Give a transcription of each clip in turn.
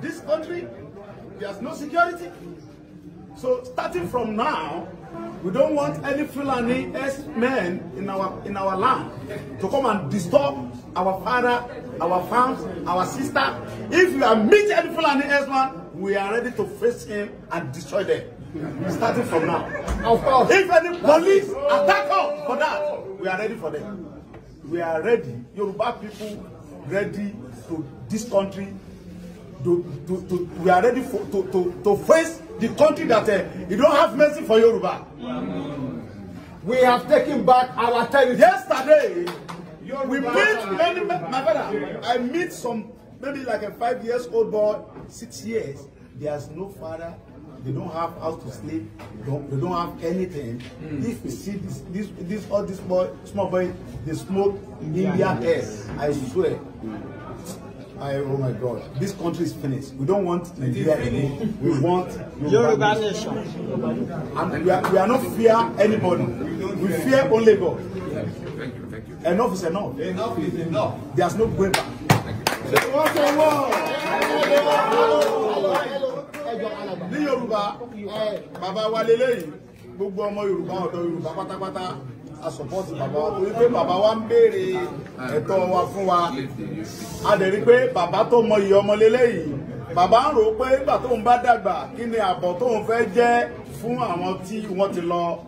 this country, there's no security. So starting from now, we don't want any Fulani men in our in our land to come and disturb our father, our farms, our sister. If you are meet any Fulani man, we are ready to face him and destroy them. Starting from now. Of course. If any police attack us for that, we are ready for them. We are ready. Yoruba people ready to this country to, to, to, we are ready for, to, to, to face the country that uh, you don't have mercy for Yoruba. We have taken back our territory. Yesterday, Yoruba we meet many, my brother, I meet some, maybe like a five years old boy, six years. There is no father. They don't have house to sleep. They don't, they don't have anything. Mm. If you see this, this, this, all this boy, small boy, they smoke Indian air. I swear. Mm. I, oh my God, this country is finished. We don't want Nigeria anymore. We want Yoruba nation. And we are, we are not fear anybody. We fear only God. Thank you, thank you. Enough is enough. Enough is enough. There's no going back. What a Hello, hello, Yorùbá, eh, bàbá wa lélẹ́yìn, gbogbo ọmọ Yorùbá, ọ̀dọ́ Yorùbá pátápátá a support Baba. wa torí pé Baba. wa ń béèrè ẹ̀tọ́ wa fún wa a dẹ̀ rí pé Baba. tó mọ iye ọmọ lélẹ́yìí Baba. ń rò ó pé nígbà tóun bá dàgbà kí ni àbọ̀ tóun fẹ́ jẹ́ fún àwọn tí wọ́n ti lọ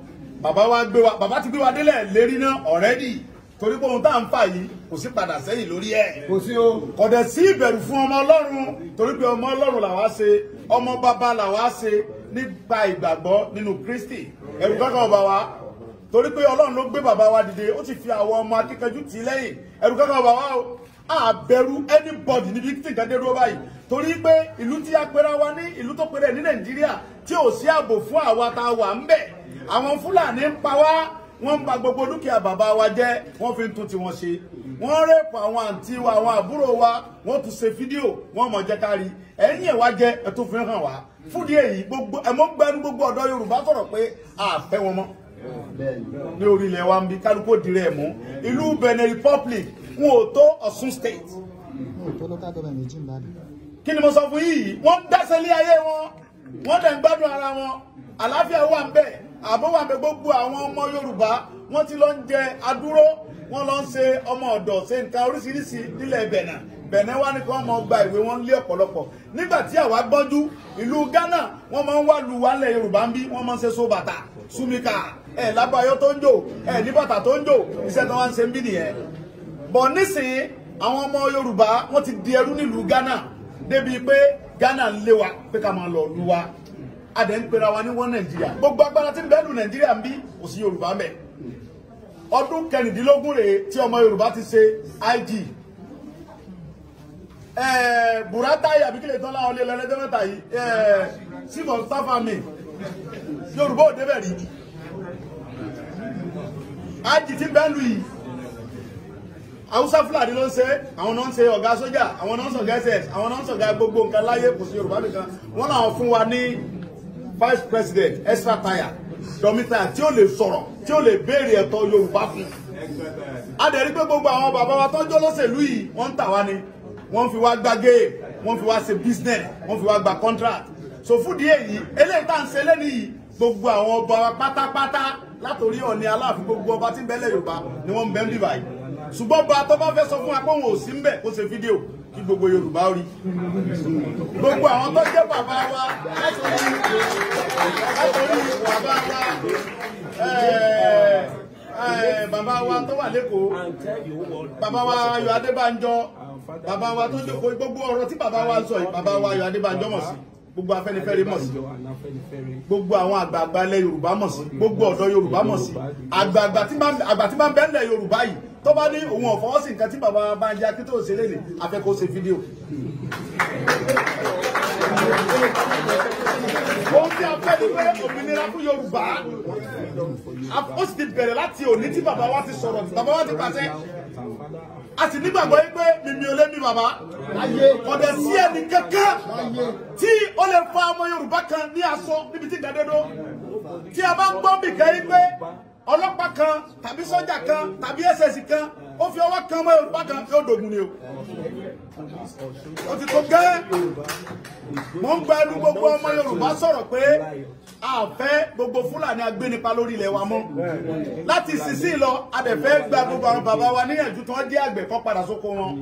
Baba. wa gbé wa Baba. ti gbé wa délẹ̀ lérí náà already torí pé ohun tá à ń fà yìí kò sí padà sẹ́yìn lórí ẹ̀. kò sí o. kò dẹ̀ sí ìbẹ̀rù fún ọmọ ọlọ́run torí pé ọmọ ọlọ́run làwa ṣe ọmọ bàbá làwa ṣe nípa ìgbàgbọ́ nínú Kristi ẹ̀rù kankan ọba wa torí pé ọlọ́run ló gbé bàbá wa dìde ó ti fi àwọn ọmọ akíkanjú tì í lẹ́yìn ẹ̀rù kankan bàbá o àbẹ̀rù anybody níbi tí nǹkan dé dúró báyìí torí pé ìlú tí a pera wa ní ìlú tó pera ẹ̀ ní nàìjíríà tí ò sí ààbò fún àwa tá a wà ń bẹ̀ àwọn fúlàní ń pa wá wọ́n ń bà gbogbo dúkìá bàbá wa jẹ́ wọ́n fi ń tún tiwọn ṣe wọ́n rẹ́pù àwọn àǹtí wa àwọn àbúrò wa wọ́n tún ṣe fídíò wọ́n mọ̀ jẹ́ ká rí ẹ̀yìn ẹ̀ wá jẹ́ ẹ̀ tó fi hàn wá fúdìí èyí gbogbo ẹ̀mọ́ gbẹ́nu gbogbo ọ̀dọ́ yorùbá sọ̀rọ̀ pé àfẹ́ wọn mọ́ ní orílẹ̀ wa ń bi kálukó dirẹ̀ mú ìlú Benin Republic wọn ò tó Ọ̀ṣun state. wọn ò tó local government méjì ńlá ni. kí ni mo sọ fún yìí wọ́n dẹ́sẹ̀ lé ayé wọn wọ́n dẹ̀ ń gbádùn ara wọn àlàáfíà wà ń bẹ̀ ààbò wà ń bẹ̀ gbogbo àwọn ọmọ Yorùbá wọ́n ti lọ ń jẹ adúró wọ́n lọ ń ṣe ọmọ ọ̀dọ̀ ṣe nǹkan oríṣiríṣi nílẹ̀ Benin Benin wá ní kí wọ́n máa gba ìwé wọn lé ọ̀pọ̀lọpọ̀ nígbà tí àwa gbọ́njú ìlú Ghana wọ́n máa ń wá lu wálẹ̀ Yorùbá ń bí wọ́n máa ń ṣe so súnmíkà ẹ̀ lábáyọ́ tó ń jò ẹ̀ ní bàtà tó ń jò iṣẹ́ tó wá ń ṣe ń bí nìyẹn bọ̀ nísìnyí àwọn ọmọ Yorùbá wọ́n ti di ẹrú nílùú Ghana débi pé Ghana ń lé wa pé ká máa lọ lu wa a dẹ̀ ń pera wa ní wọ́n Nàìjíríà gbogbo agbára tí ń bẹ́ẹ̀ lu Nàìjíríà ń bí kò sí Yorùbá mẹ́ ọdún kẹrìndínlógún rèé tí ọmọ Yorùbá ti ṣe IG buratai abikile tán láwọn ilé lọ́lẹ́dẹ́mẹ́ta yìí símọ̀ sáfàmì Yorùbá ò débẹ̀ rí ájì tí ń bẹ́ẹ̀ lù yìí haúsá fúlàní ló ń ṣe àwọn náà ń ṣe ọ̀gá sójà àwọn náà ń ṣọ̀gá ss àwọn náà ń ṣọ̀gá gbogbo nǹkan láyé kò sí yorùbá nìkan wọ́n làwọn fún wa ní vice president extra tire dọ́mítà tí ó lè sọ̀rọ̀ tí ó lè béèrè ẹ̀tọ́ yorùbá fún adẹ̀rí pé gbogbo àwọn bàbá wa tọ́jọ́ lọ́sẹ̀lú yìí wọ́n ń tà wá ni wọ́n fi wá gba géè wọ́n fi wá ṣe business wọ́n fi wá gba contract so fúdìí èyí eléyìí tá à ń ṣe lẹ́nu yìí gbogbo àwọn ọba wa pátápátá látòrí ọ̀ni aláàfin gbogbo ọba tí ń bẹ́lẹ̀ yorùbá ni wọ́n ń bẹ́ ń bì báyìí ṣùgbọ́n bá tó bá fẹ́ sọ fún wa pé òun ò sí ń bẹ̀ kó ṣe fídíò kí gbogbo yorùbá rí gbogbo àwọn tó jẹ́ bàbá wa látòrí bàbá wa eh, eh, bàbá wa tó wà lẹ́kọ̀ọ́ bàbá wa ayọ̀ adébánjọ bàbá wa tó jókòó gbogbo ọ̀rọ̀ tí bàbá wa sọ yìí bàbá wa ayọ̀ adébánjọ mọ̀ sí gbogbo afẹ́nifẹ́re mọ̀ sí gbogbo àwọn àgbààgbà ilẹ̀ yorùbá mọ̀ sí gbogbo ọ̀dọ́ yorùbá mọ̀ sí àgbààgbà tí máa ń bẹ nílẹ̀ yorùbá yìí tó bá ní òun ọ̀fọwọ́ sí nǹkan tí bàbá Banji Akíntóyè ṣe lélẹ̀ afẹ́kọ̀ọ́ ṣe fídíò. ohun tí a fẹ́ ni pé òmìnira fún yorùbá ó sì ti bẹ̀rẹ̀ láti òní tí bàbá wa ti sọ̀rọ̀ bàbá wa ti pàṣẹ a sì nígbàgbọ́ yín pé mímí ò lé mi bàbá ọ̀dẹ̀ sí ẹnì kankan tí ó lè fa ọmọ Yorùbá kan ní aṣọ níbi tí gàdédó tí a bá ń gbọ́ bìkẹ́ yín pé ọlọ́pàá kan tàbí sọ́jà kan tàbí ẹ̀sẹ̀sì kan ó fi ọwọ́ kan ọmọ Yorùbá kan yóò dògùn ni o ó ti tó gẹ́ mo ń gba ẹnu gbogbo ọmọ Yorùbá sọ̀rọ̀ pé a fẹ́ gbogbo Fúlàní agbénipa lórí ilẹ̀ wa mọ́ láti sísí lọ a dẹ̀ fẹ́ gba gbogbo àwọn bàbá wa níyànjú tí wọ́n jẹ́ àgbẹ̀ kan padà sóko wọn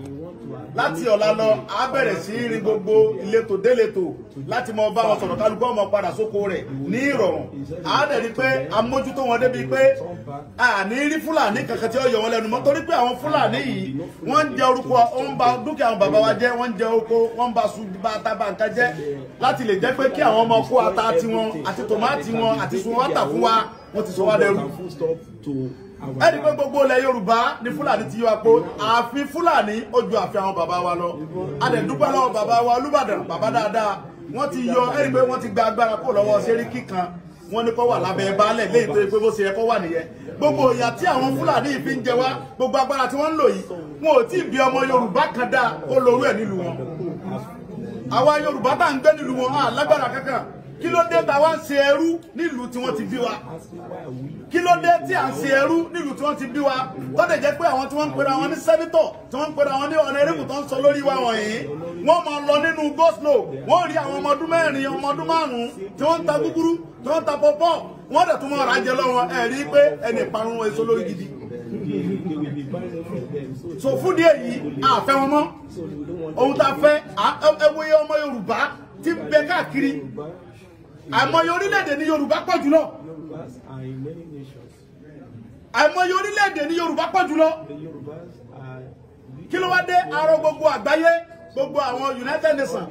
láti ọ̀la lọ a bẹ̀rẹ̀ sí í rin gbogbo ìletò déletò láti mọ bá wọn sọ̀rọ̀ kálukú ọmọ padà sóko rẹ̀ ní ìrọ̀rùn a dẹ̀ rí pé a mójútó wọn débi pé a ní rí Fúlàní kankan tí ó yọ wọn lẹ́nu mọ́ torí pé àwọn Fúlàní yìí wọ́n ń jẹ orúkọ ó dúkìá àwọn bàbá wa jẹ́ wọ́n ń jẹ oko wọ́n ń ba su ba ata ba nǹkan jẹ́ láti lè jẹ́ pé kí àwọn ọmọ kó ata tiwọn àti tòmátì wọn àti sun wọ́n tà fún wa wọ́n ti sọ wá dẹrú ẹni pé gbogbo ilẹ̀ yorùbá ni fúlàní ti yọ apó àfi fúlàní ó àfi àwọn bàbá wa lọ adẹ̀dúgbà lọ́wọ́ bàbá wa olúbàdàn bàbá dáadáa wọ́n ti yọ ẹni pé wọ́n ti gba agbára kó lọ́wọ́ sẹ́ríkì kan wọ́n ní kọ́ wà lábẹ́ baálẹ̀ léyìí tó yẹ pé bó ṣe yẹ kọ́ wà nìyẹn gbogbo ìyà tí àwọn fúlàní yìí fi ń jẹ wá gbogbo agbára tí wọ́n ń lò yìí wọn ò tí ì bí ọmọ yorùbá kan dáa kó lorú ẹ̀ nílùú wọn àwa yorùbá tá ń gbé nílùú wọn á lágbára kankan kí ló dé tá wá ń ṣe ẹrú nílùú tí wọ́n ti bí wa kí ló dé tí à ń ṣe ẹrú nílùú tí wọ́n ti bí wa tọ́dẹ̀ jẹ́ pé àwọn tí wọ́n ń pera wọn ní sẹ́nítọ̀ tí wọ́n ń pera wọn ní ọ̀nà erébù tó ń sọ lórí wa wọ̀nyí wọ́n máa lọ nínú goslo wọ́n rí àwọn ọmọ ọdún mẹ́rin ọmọ ọdún márùn-ún tí wọ́n ń ta gúgúrú tí wọ́n ń ta pọ́pọ́ wọ́n dẹ̀ tún máa rajẹ lọ́wọ́ ẹ̀ rí pé ẹnì parun èso lórí gidi so fún díẹ̀ yìí a fẹ́ wọn mọ́ ohun tá a fẹ́ ẹwòye ọmọ Yorùbá ti ń bẹ káàkiri àìmọye orílẹ̀-èdè ní Yorùbá pọ̀ jùlọ àìmọye orílẹ̀-èdè ní Yorùbá pọ̀ jùlọ kí ló wá dé arọ gbogbo àgbáyé. gbogbo àwọn United Nations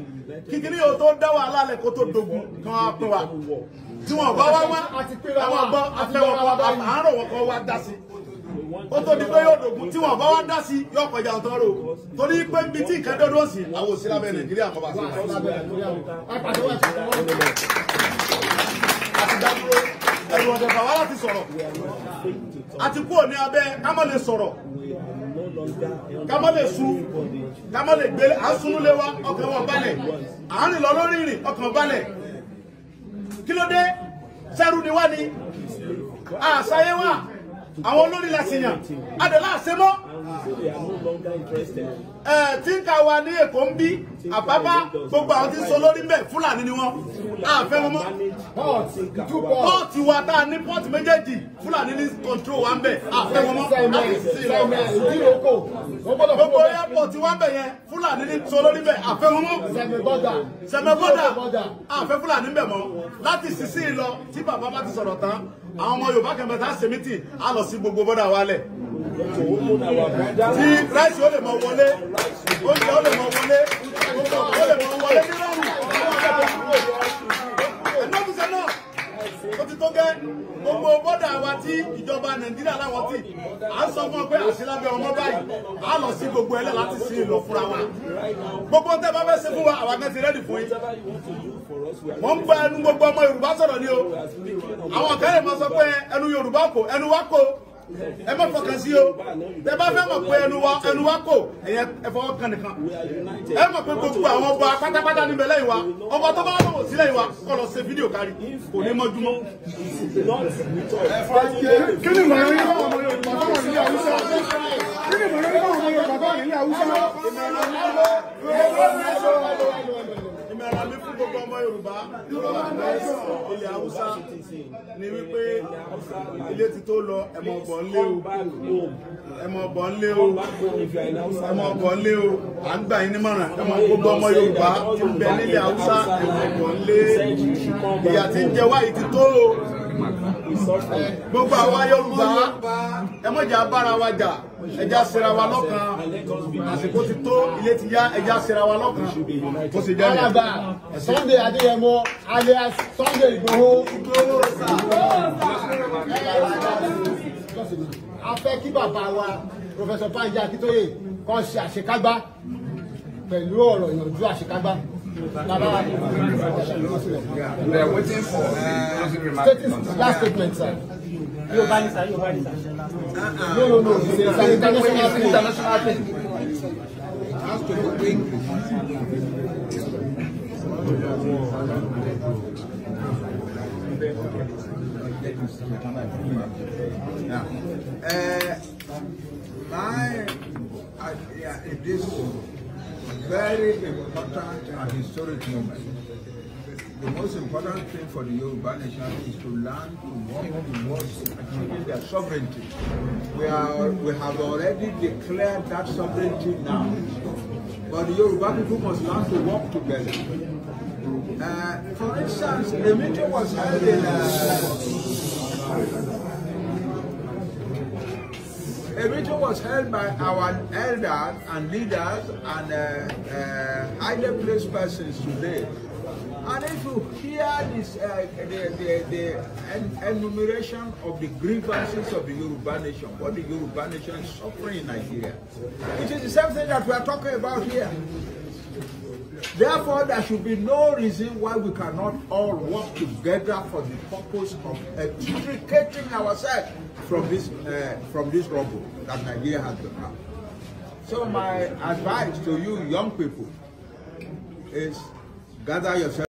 kíkiri yóò tó dá wàhálà lẹ kó tó dogun kan wọn á tí wọn bá wá wá àwọn wa dá sí ó tó di pé yóò dogun tí wọn bá wá dá sí yóò kọjá ọtọ rò torí pé ibi tí nǹkan dọdọ Kama le lè sun ká má lè gbélé à ń sunú lé wa ọkàn wọn balẹ̀ à lọ lórí ìrìn ọkàn balẹ̀ kí ló ni wá ni àṣàyẹ wa àwọn olórí la sì yàn adẹ̀ láàṣẹ mọ́ so they are no longer interested. ẹ tí ń ka wa ní èkó ń bí àbábá gbogbo àwọn tí ń sọ lórí bẹ́ẹ̀ fúlàní ni wọn àfẹ wọn mọ pọ́ọ̀tì wa tá a ní pọ́ọ̀tì méjèèjì fúlàní ní kọńtró wa ń bẹ àfẹ wọn mọ gbogbo airport wa ń bẹ yẹn fúlàní ní sọ lórí bẹ́ẹ̀ àfẹ wọn mọ sẹmẹbọdà àfẹ fúlàní ń bẹ mọ láti sísí lọ tí bàbá bá ti sọ̀rọ̀ tán àwọn ọmọ yorùbá kẹmẹta ṣe mítì lọ sí gbogbo bọ́dà wa lẹ̀ tí ráìsì ó lè mọ wọlé oúnjẹ ó lè mọ wọlé ó lè mọ wọlé nínú ẹnọ́fíìsẹ́ náà ó ti tó gẹ́ gbogbo bọ́dà wa tí ìjọba nàìjíríà láwọn tì à ń sọ fún ọ pé àṣìlábẹ́ ọmọ báyìí á lọ sí gbogbo ẹlẹ́ láti sí ìlọ fúnra wa gbogbo tẹ́ bá fẹ́ ṣe fún wa àwa kan ti rẹ́dì fún yín mo ń bá ẹnu gbogbo ọmọ yorùbá sọ̀rọ̀ ni o àwọn kan lè sọ pé ẹnu yorùbá kò ẹnu wa kò ẹ má fọkàn sí o tẹ bá fẹ́ mọ̀ pé ẹnu wa ẹnu wa kò ẹ̀yẹ ẹ̀fọwọ́ kan nìkan ẹ mọ̀ pé gbogbo àwọn ọba pátápátá níbẹ̀ lẹ́yìn wa ọkọ̀ tó bá lọ́wọ́ sí lẹ́yìn wa kọ́ lọ ṣe fídíò kárí kò ní mọ́jú mọ́. kí ni ìmọ̀ràn yín báwọn ọmọ Yorùbá bá wà nílé Haúsá kí ni ìmọ̀ràn yín báwọn ọmọ Yorùbá bá wà nílé Haúsá. ọmọ Yorùbá ilẹ̀ Haúsá ni wípé ilé ti tó lọ ẹ̀mọ ọ̀bọ̀ ńlé o ẹ̀mọ ọ̀bọ̀ ńlé o o à ń gbà yín nímọ̀ràn gbogbo ọmọ Yorùbá ti ń bẹ nílẹ̀ Haúsá gbogbo àwa Yorùbá ẹ mọ̀jà bára wa jà ẹja ṣera wa lọ́kàn àsìkò ti tó ilé ti yá ẹja ṣera wa lọ́kàn kò sì jẹ́ yẹn. Sunday Adéyẹmọ alias Sunday Igboho Igboho sá a fẹ́ kí bàbá wa Professor Banji Akíntóyè kó ṣe àṣekágbá pẹ̀lú ọ̀rọ̀ ìyànjú àṣekágbá. We are waiting for closing uh, remarks. Last statement, sir. Yóò bá ní sá, yóò bá No, no, no. It's an international thing. International thing. Ask to go Yeah. Uh, my, uh, In this. very important and historic moment. The most important thing for the Yoruba nation is to learn to work towards achieving their sovereignty. We, are, we have already declared that sovereignty now. But the Yoruba people must learn to work together. Uh, for instance, a meeting was held in uh, The meeting was held by our elders and leaders and uh, uh highly placed persons today. And if you hear this, uh, the, the, the enumeration of the grievances of the Yoruba nation, what the Yoruba nation is suffering in Nigeria, it is the same thing that we are talking about here. Therefore, there should be no reason why we cannot all work together for the purpose of extricating ourselves from this uh, from this rubble that Nigeria has become. So my advice to you young people is gather yourself